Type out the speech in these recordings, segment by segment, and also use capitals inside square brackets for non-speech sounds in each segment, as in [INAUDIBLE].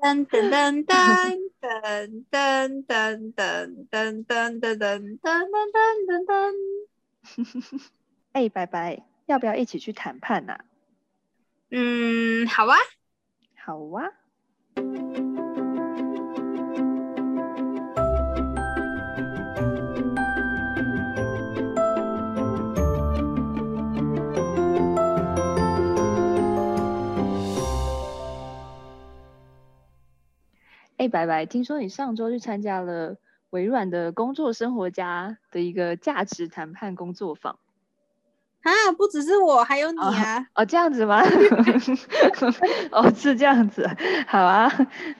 噔噔噔噔噔噔噔噔噔噔噔噔噔噔噔噔！哎，白白，要不要一起去談判啊？嗯，好啊，好啊。白白！聽說你上周去參加了微軟的工作生活家的一個價值談判工作坊啊！不只是我，還有你啊！哦，哦，這樣子嗎？ [LAUGHS] [LAUGHS] 哦，是這樣子。好啊，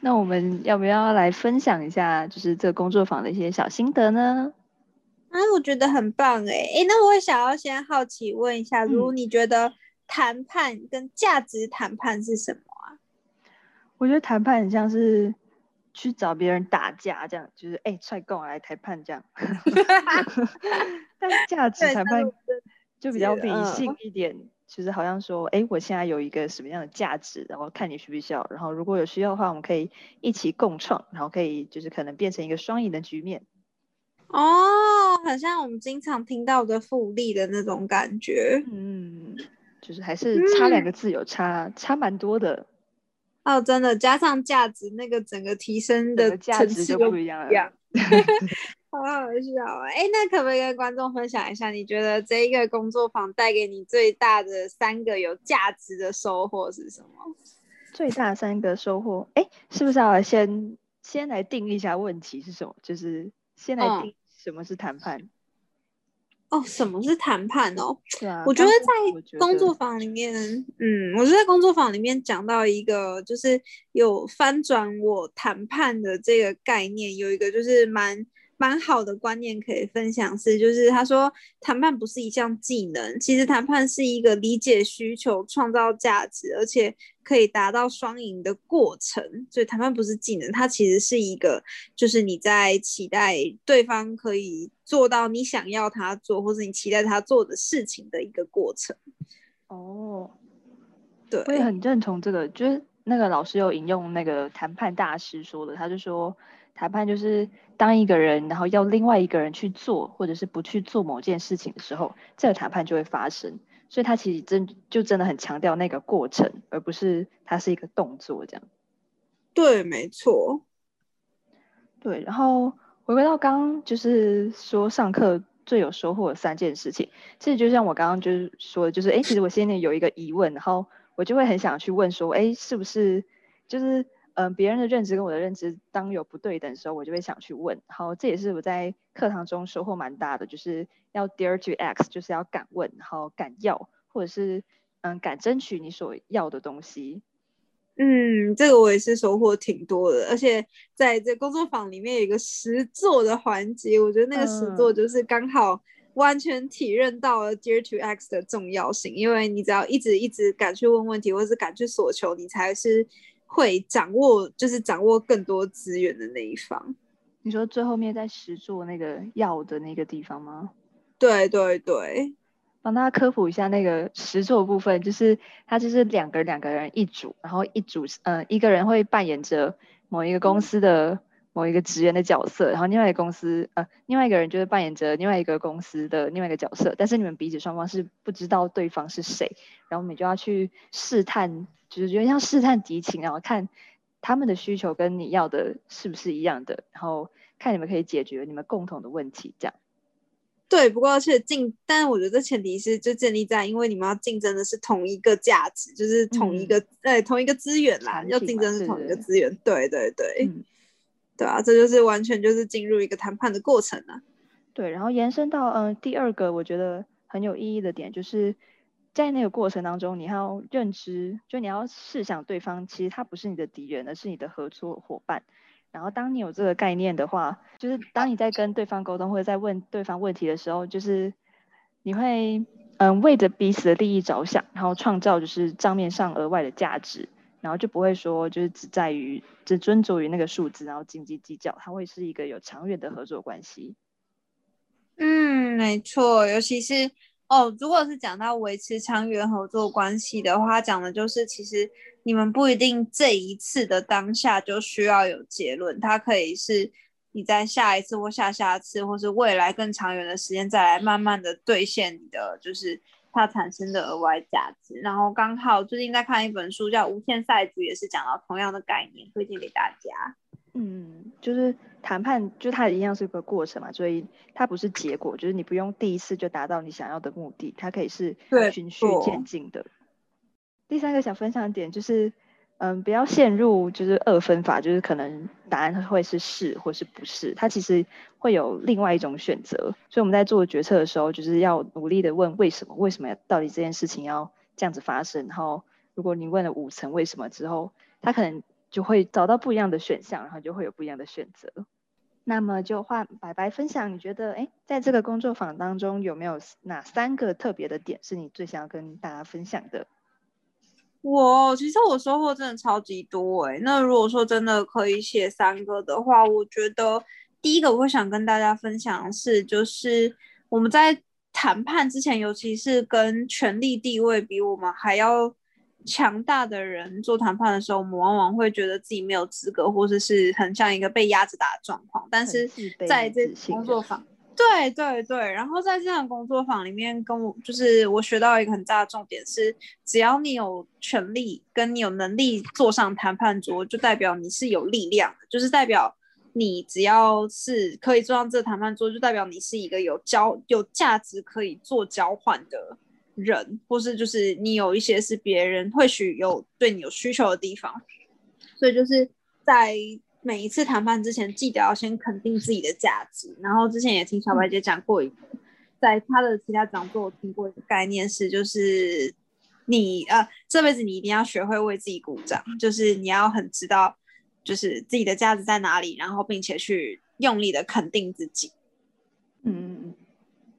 那我們要不要來分享一下，就是這工作坊的一些小心得呢？啊，我覺得很棒哎哎、欸，那我也想要先好奇問一下，如果你覺得談判跟價值談判是什麼啊？嗯、我覺得談判很像是。去找別人打架，這樣就是哎、欸，踹跤來談判這樣。 [LAUGHS] [LAUGHS] 但價值談判就比較理性一點， [LAUGHS] 是嗯、就是好像說，哎、欸，我現在有一個什麼樣的價值，然後看你需不需要，然後如果有需要的話，我們可以一起共創，然後可以就是可能變成一個雙贏的局面。哦，好像我們經常聽到的複利的那種感覺。嗯，就是還是差兩個字，有差、嗯、差蠻多的。哦，真的加上價值，那個整個提升的價值就不一樣了。 [LAUGHS] [LAUGHS] 好好笑啊！哎、欸，那可不可以跟觀眾分享一下，你覺得這一個工作坊帶給你最大的三個有價值的收穫是什麼？最大三個收穫，哎、欸，是不是要先先來定一下問題是什麼，就是先來定什麼是談判。嗯哦，什麼是談判哦？啊、我覺得在工作坊裡面，嗯，我覺得在工作坊裡面講到一個就是有翻轉我談判的這個概念，有一個就是蠻蠻好的觀念可以分享是，是就是他說談判不是一項技能，其實談判是一個理解需求、創造價值，而且。可以達到雙贏的過程，所以談判不是技能，它其實是一個，就是你在期待對方可以做到你想要他做，或是你期待他做的事情的一個過程。哦，對，我也很認同這個，就是那個老師有引用那個談判大師說的，他就說談判就是當一個人然後要另外一個人去做，或者是不去做某件事情的時候，這個談判就會發生。所以，他其實真就真的很強調那個過程，而不是它是一個動作這樣。對，沒錯。對，然後回歸到剛剛就是說，上課最有收穫的三件事情，其實就像我剛剛就是說的，就是哎，其實我現在有一個疑問， [LAUGHS] 然後我就會很想去問說，哎，是不是就是？嗯，別人的認知跟我的認知當有不對等的時候，我就會想去問。好，這也是我在課堂中收穫蠻大的，就是要 dare to ask，就是要敢問，好，敢要，或者是嗯敢爭取你所要的東西。嗯，這個我也是收穫挺多的，而且在這工作坊裡面有一個實作的環節，我覺得那個實作就是剛好完全體認到了 dare to ask 的重要性，因為你只要一直一直敢去問問題，或者是敢去索求，你才是。會掌握就是掌握更多資源的那一方。你說最後面在實作，那個要的那個地方嗎？對對對，幫大家科普一下那個實作的部分，就是他就是兩個兩個人一組，然後一組呃一個人會扮演着某一個公司的。嗯某一個職員的角色，然後另外一個公司，呃，另外一個人就是扮演着另外一個公司的另外一個角色，但是你們彼此雙方是不知道對方是誰，然後你們就要去試探，就是覺得要試探敵情，然後看他們的需求跟你要的是不是一樣的，然後看你們可以解決你們共同的問題，這樣。對，不過是競，但是我覺得這前提是就建立在，因為你們要競爭的是同一個價值，就是同一個對、嗯哎、同一個資源啦，要競爭的是同一個資源，的對對對。嗯對啊，這就是完全就是進入一個談判的過程啊。對，然後延伸到嗯第二個，我覺得很有意義的點，就是在那個過程當中，你要認知，就你要試想對方其實他不是你的敵人，而是你的合作伙伴。然後當你有這個概念的話，就是當你在跟對方溝通或者在問對方問題的時候，就是你會嗯為着彼此的利益着想，然後創造就是賬面上額外的價值。然後就不會說，就是只在於只專注於那個數字，然後斤斤計較，它會是一個有長遠的合作關係。嗯，沒錯，尤其是哦，如果是講到維持長遠合作關係的話，講的就是其實你們不一定這一次的當下就需要有結論，它可以是你在下一次或下下次，或是未來更長遠的時間再來慢慢的兌現你的就是。它產生的額外價值，然後剛好最近在看一本書叫《無限賽局》，也是講到同樣的概念，推薦給大家。嗯，就是談判，就它一樣是一個過程嘛，所以它不是結果，就是你不用第一次就達到你想要的目的，它可以是循序漸進的。第三個想分享一點就是，嗯，不要陷入就是二分法，就是可能答案會是是或是不是，它其實會有另外一種選擇。所以我們在做決策的時候，就是要努力的問為什麼，為什麼到底這件事情要這樣子發生？然後如果你問了五層為什麼之後，它可能就會找到不一樣的選項，然後就會有不一樣的選擇。那麼就換白白分享，你覺得哎，在這個工作坊當中有沒有哪三個特別的點是你最想要跟大家分享的？我、wow, 其實我收穫真的超級多誒、欸,那如果說真的可以寫三個的話，我覺得第一個我會想跟大家分享的是，就是我們在談判之前，尤其是跟權力地位比我們還要強大的人做談判的時候，我們往往會覺得自己沒有資格，或者是，是很像一個被壓着打的狀況。但是在這工作坊。對對對，然後在這樣工作坊裡面，跟我就是我學到一個很大的重點是，只要你有權利，跟你有能力坐上談判桌，就代表你是有力量的，就是代表你只要是可以坐上這談判桌，就代表你是一個有交有價值可以做交換的人，或是就是你有一些是別人或許有對你有需求的地方，所以就是在。每一次談判之前，記得要先肯定自己的價值。然後之前也聽小白姐講過一個，在她的其他講座我聽過一個概念是，就是你呃這輩子你一定要學會為自己鼓掌，就是你要很知道，就是自己的價值在哪裡，然後並且去用力的肯定自己。嗯，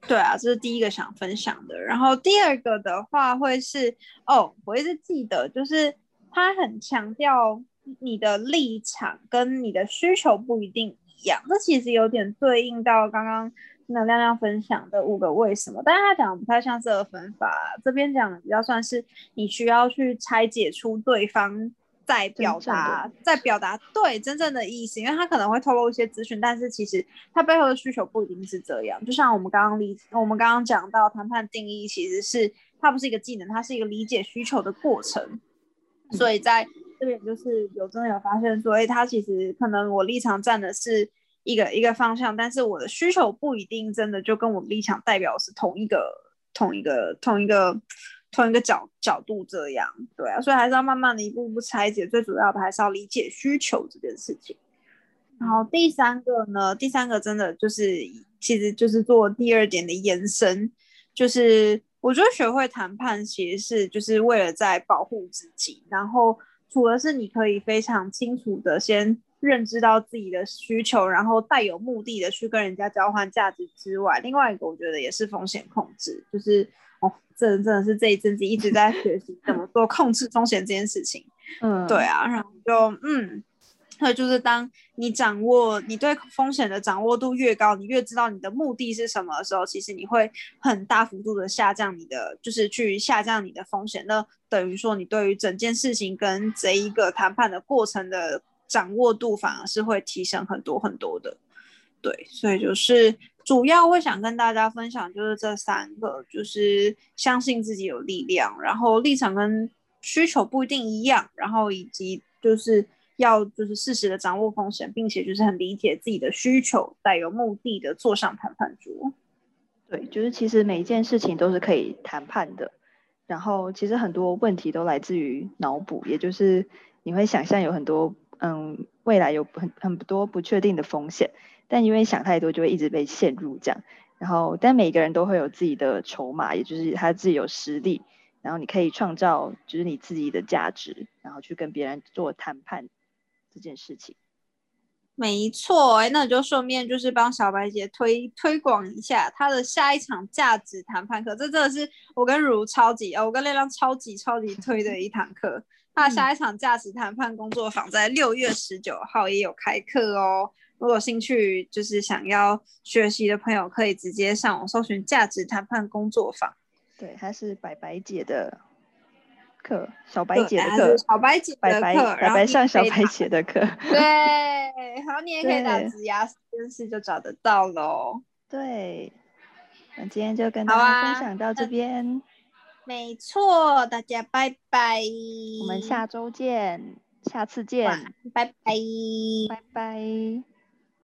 對啊，這是第一個想分享的。然後第二個的話會是哦，我一直記得，就是他很強調。你的立場跟你的需求不一定一樣，這其實有點對應到剛剛那亮亮分享的五個為什麼，但是他講的不太像這個分法，這邊講的比較算是你需要去拆解出對方在表達，在表達對真正的意思，因為他可能會透露一些資訊，但是其實他背後的需求不一定是這樣。就像我們剛剛例子，我們剛剛講到談判定義，其實是它不是一個技能，它是一個理解需求的過程，嗯、所以在。這邊就是有真的有發現說，哎、欸，他其實可能我立場站的，是一個一個方向，但是我的需求不一定真的就跟我立場代表是同一個同一個同一個同一個角角度這樣，對啊，所以還是要慢慢的一步步拆解，最主要的還是要理解需求這件事情。然後第三個呢，第三個真的就是其實就是做第二點的延伸，就是我覺得學會談判其實是就是為了在保護自己，然後。除了是你可以非常清楚的先認知到自己的需求，然後帶有目的的去跟人家交換價值之外，另外一個我覺得也是風險控制，就是哦，這真，真的是這一陣子一直在學習怎麼做控制風險這件事情。嗯， [LAUGHS] 對啊，然後就嗯。那就是當你掌握你對風險的掌握度越高，你越知道你的目的是什麼的時候，其實你會很大幅度的下降你的，就是去下降你的風險。那等於說你對於整件事情跟這一個談判的過程的掌握度，反而是會提升很多很多的。對，所以就是主要會想跟大家分享，就是這三個，就是相信自己有力量，然後立場跟需求不一定一樣，然後以及就是。要就是適時的掌握風險，並且就是很理解自己的需求，帶有目的的坐上談判桌。對，就是其實每一件事情都是可以談判的。然後其實很多問題都來自於腦補，也就是你會想象有很多嗯，未來有很很多不確定的風險，但因為想太多就會一直被陷入這樣。然後但每個人都會有自己的籌碼，也就是他自己有實力，然後你可以創造就是你自己的價值，然後去跟別人做談判。這件事情，沒錯哎，那你就順便就是幫小白姐推推廣一下她的下一場價值談判課，這真的是我跟如超級，哦，我跟亮亮超、超級超級推的一堂課。那 [LAUGHS] 下一場價值談判工作坊在六月十九號也有開課哦，如果有興趣就是想要學習的朋友，可以直接上網搜尋價值談判工作坊。對，還是白白姐的。課小白姐的課，小白姐的課，然後，白白上小白姐的課，對， [LAUGHS] 好，你也可以打職涯實驗室，對就找得到嘍，哦。對，那今天就跟大家分享到這邊，啊、沒錯，大家拜拜，我們下周見，下次見，拜拜，拜拜。拜拜。